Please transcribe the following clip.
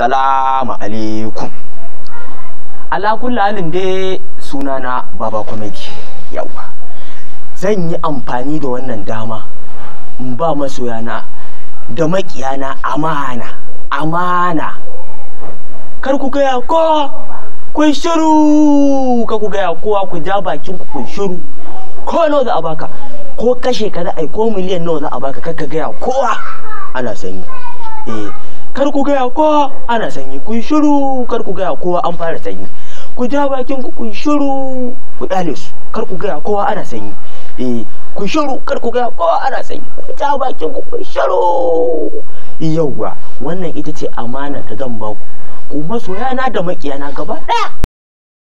assalamu alaikum ala halin dai sunana baba komedi yawa zan yi amfani da wannan dama in ba masoyana da makiyana amana amana kar ku gaya ko ku shiru ka ku gaya kowa ku ja bakin ku ku shiru ko nawa za a baka ko kashe ka za a ko miliyan nawa za a baka ka gaya kowa ana sanyi eh kar ku gaya kowa ana sanyi kun shiru kar ku gaya kowa an fara sanyi ku ja bakin ku kun shiru ku dale su kar ku gaya kowa ana sanyi eh kun shiru kar ku gaya kowa ana sanyi ku ja bakin ku kun shiru yauwa wannan ita ce amana da zan ba ku ku masoya na da makiyana gaba ɗaya.